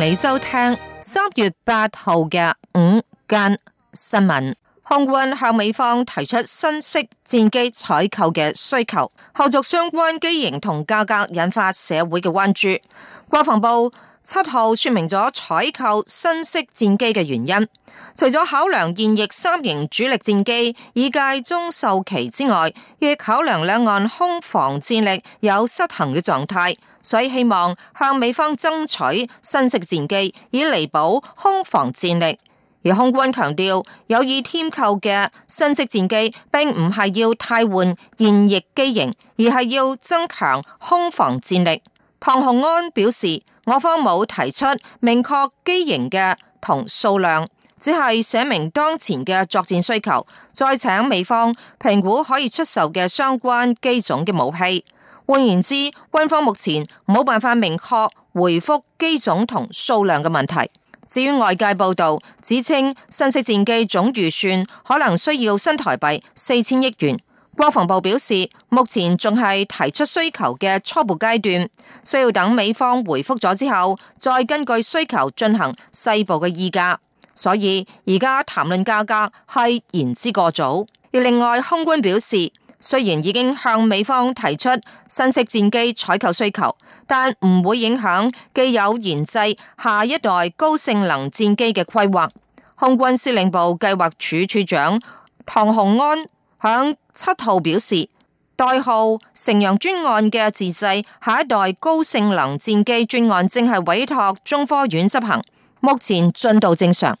你收聽三月八號嘅午間新聞。空軍向美方提出新式戰機採購嘅需求，後續相關機型同價格引發社會嘅關注。國防部。七號說明咗採購新式戰機嘅原因，除咗考量現役三型主力戰機已屆終壽期之外，亦考量兩岸空防戰力有失衡嘅狀態，所以希望向美方爭取新式戰機，以彌補空防戰力。而空軍強調有意添購嘅新式戰機，並唔係要替換現役機型，而係要增強空防戰力。唐洪安表示。我方冇提出明確機型嘅同數量，只係寫明當前嘅作戰需求，再請美方評估可以出售嘅相關機種嘅武器。換言之，軍方目前冇辦法明確回覆機種同數量嘅問題。至於外界報道指稱新式戰機總預算可能需要新台幣四千億元。國防部表示，目前仲係提出需求嘅初步階段，需要等美方回覆咗之後，再根據需求進行細部嘅議價，所以而家談論價格係言之過早。而另外，空軍表示，雖然已經向美方提出新式戰機採購需求，但唔會影響既有研製下一代高性能戰機嘅規劃。空軍司令部計劃處處長唐洪安，響七號表示，代號“成陽專案”嘅自製下一代高性能戰機專案正係委託中科院執行，目前進度正常。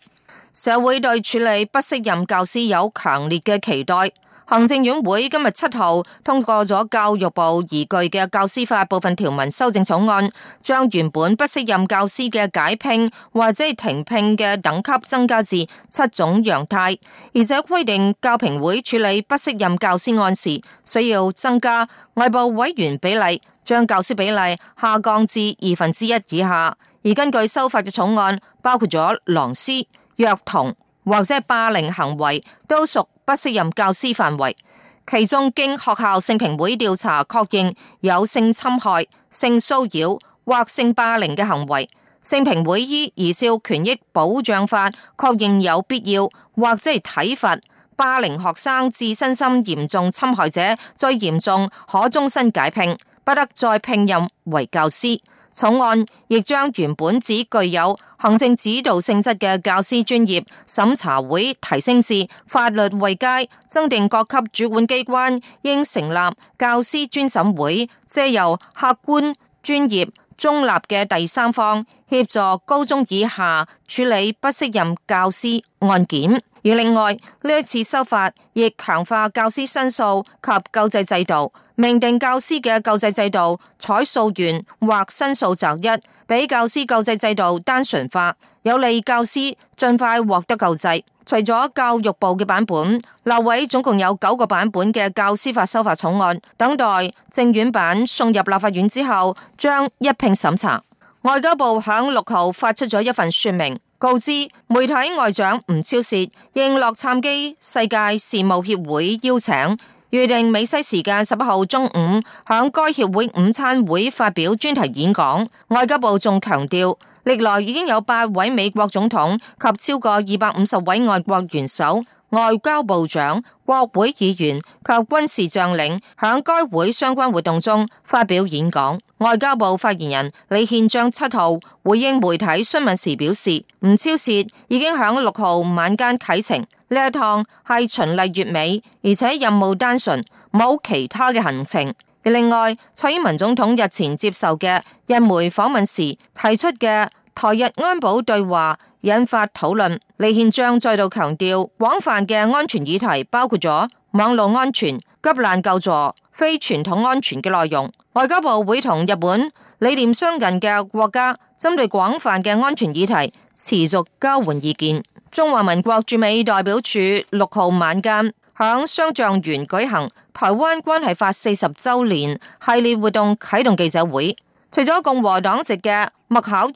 社會對處理不適任教師有強烈嘅期待。行政院會今日七號通過咗教育部擬具嘅教師法部分條文修正草案，將原本不適任教師嘅解聘或者停聘嘅等級增加至七種樣態，而且規定教評會處理不適任教師案時，需要增加外部委員比例，將教師比例下降至二分之一以下。而根據修法嘅草案，包括咗狼師、虐童或者霸凌行為都屬。不適任教師範圍，其中經學校性評會調查確認有性侵害、性騷擾或性霸凌嘅行為，性評會依《兒少權益保障法》確認有必要或者係體罰霸凌學生自身心嚴重侵害者，最嚴重可終身解聘，不得再聘任為教師。草案亦將原本只具有行政指導性質嘅教師專業審查會提升至法律位階，增訂各級主管機關應成立教師專審會，借由客觀、專業、中立嘅第三方協助高中以下處理不適任教師案件。而另外呢一次修法亦強化教師申訴及救濟制度，明定教師嘅救濟制度採訴願或申訴擇一，俾教師救濟制度單純化，有利教師盡快獲得救濟。除咗教育部嘅版本，立委總共有九個版本嘅教師法修法草案，等待政院版送入立法院之後，將一併審查。外交部響六號發出咗一份說明。告知媒體，外長吳釗燮，應洛杉磯世界事務協會邀請，預定美西時間十一號中午，響該協會午餐會發表專題演講。外交部仲強調，歷來已經有八位美國總統及超過二百五十位外國元首、外交部長、國會議員及軍事將領，響該會相關活動中發表演講。外交部發言人李憲章七號回應媒體詢問時表示，吳釗燮已經響六號晚間啟程，呢一趟係循例月尾，而且任務單純，冇其他嘅行程。另外，蔡英文總統日前接受嘅日媒訪問時提出嘅台日安保對話引發討論，李憲章再度強調，廣泛嘅安全議題包括咗網絡安全。急難救助非傳統安全嘅內容，外交部會同日本理念相近嘅國家，針對廣泛嘅安全議題持續交換意見。中華民國駐美代表處六號晚間，響雙橡園舉行台灣關係法四十週年系列活動啟動記者會，除咗共和黨籍嘅麥考爾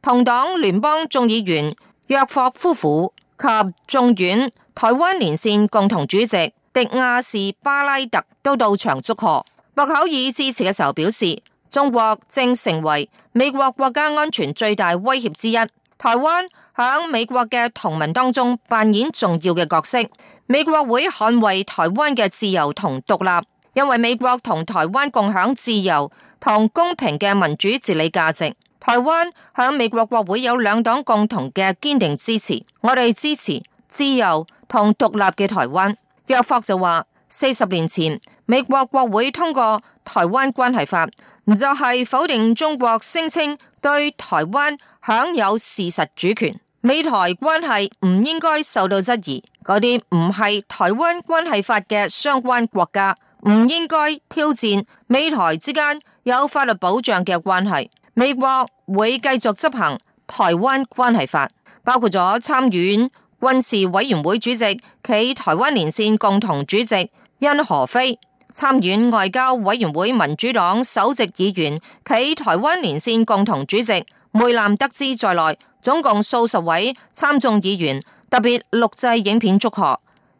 同黨聯邦眾議員約霍夫婦及眾院台灣連線共同主席。迪亞士巴拉特都到場祝賀。博考爾致辭嘅時候表示，中國正成為美國國家安全最大威脅之一。台灣響美國嘅同盟當中扮演重要嘅角色。美國會捍衛台灣嘅自由同獨立，因為美國同台灣共享自由同公平嘅民主治理價值。台灣響美國國會有兩黨共同嘅堅定支持。我哋支持自由同獨立嘅台灣。約霍就話：四十年前，美國國會通過台灣關係法，就係、是、否定中國聲稱對台灣享有事實主權。美台關係唔應該受到質疑。嗰啲唔係台灣關係法嘅相關國家，唔應該挑戰美台之間有法律保障嘅關係。美國會繼續執行台灣關係法，包括咗參院。溫氏委員會主席，暨台灣連線共同主席殷何飛，參院外交委員會民主黨首席議員，暨台灣連線共同主席梅南德茲在內，總共數十位參眾議員，特別錄製影片祝賀。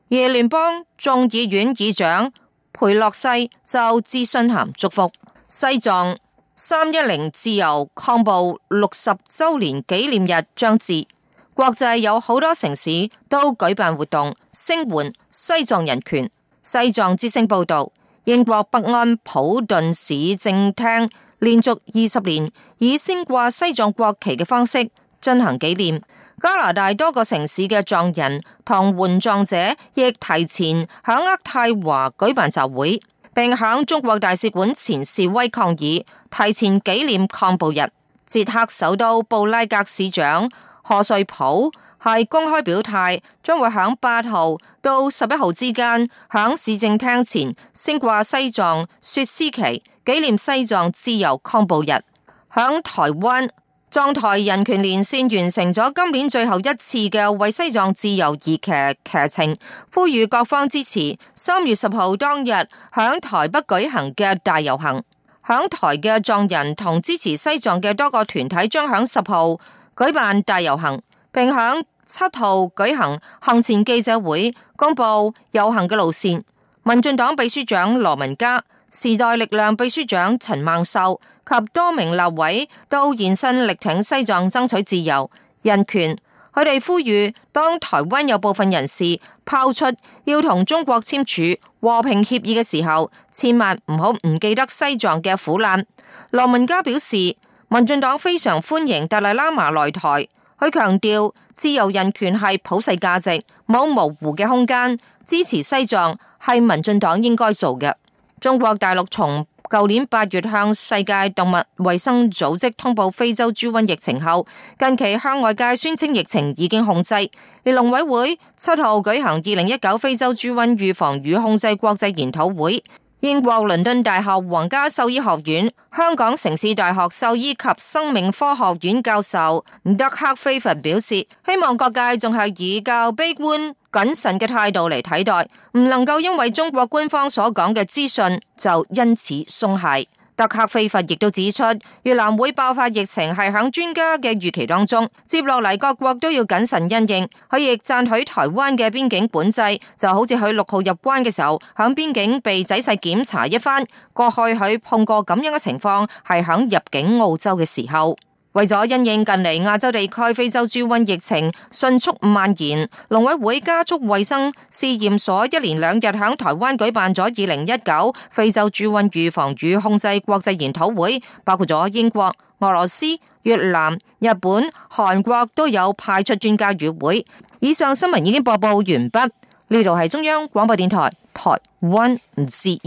耶聯邦眾議院議長裴洛西就致信函祝福。西藏三一零自由抗暴六十周年紀念日將至。國際有好多城市都舉辦活動聲援西藏人權。西藏之聲報道，英國北安普頓市政廳連續二十年以升掛西藏國旗嘅方式進行紀念。加拿大多個城市嘅藏人同援藏者亦提前響渥太華舉辦集會，並響中國大使館前示威抗議，提前紀念抗暴日。捷克首都布拉格市長。何瑞普係公開表態，將會喺八號到十一號之間，喺市政廳前升掛西藏雪獅旗，紀念西藏自由抗暴日。喺台灣，藏台人權連綫完成咗今年最後一次嘅為西藏自由而劇劇情，呼籲各方支持三月十號當日喺台北舉行嘅大遊行。喺台嘅藏人同支持西藏嘅多個團體將喺十號舉辦大遊行，並喺七號舉行行前記者會，公布遊行嘅路線。民進黨秘書長羅文嘉、時代力量秘書長陳孟秀及多名立委都現身力挺西藏爭取自由人權。佢哋呼籲，當台灣有部分人士拋出要同中國簽署和平協議嘅時候，千萬唔好唔記得西藏嘅苦難。羅文嘉表示。民進黨非常歡迎達賴喇嘛來台，佢強調自由人權係普世價值，冇模糊嘅空間。支持西藏係民進黨應該做嘅。中國大陸從舊年八月向世界動物衛生組織通報非洲豬瘟疫情後，近期向外界宣稱疫情已經控制。而農委會七號舉行二零一九非洲豬瘟預防與控制國際研討會。英國倫敦大學皇家獸醫學院、香港城市大學獸醫及生命科學院教授德克·菲凡表示，希望各界仲係以較悲觀、謹慎嘅態度嚟睇待，唔能夠因為中國官方所講嘅資訊就因此鬆懈。德克菲佛亦都指出，越南會爆發疫情係響專家嘅預期當中，接落嚟各國都要謹慎因應。佢亦贊許台灣嘅邊境管制，就好似佢六號入關嘅時候，響邊境被仔細檢查，一番。過去佢碰過咁樣嘅情況，係響入境澳洲嘅時候。為咗因應近嚟亞洲地區非洲豬瘟疫情迅速蔓延，農委會家畜衛生試驗所一連兩日喺台灣舉辦咗二零一九非洲豬瘟預防與控制國際研討會，包括咗英國、俄羅斯、越南、日本、韓國都有派出專家與會。以上新聞已經播報完畢，呢度係中央廣播電台台灣之音。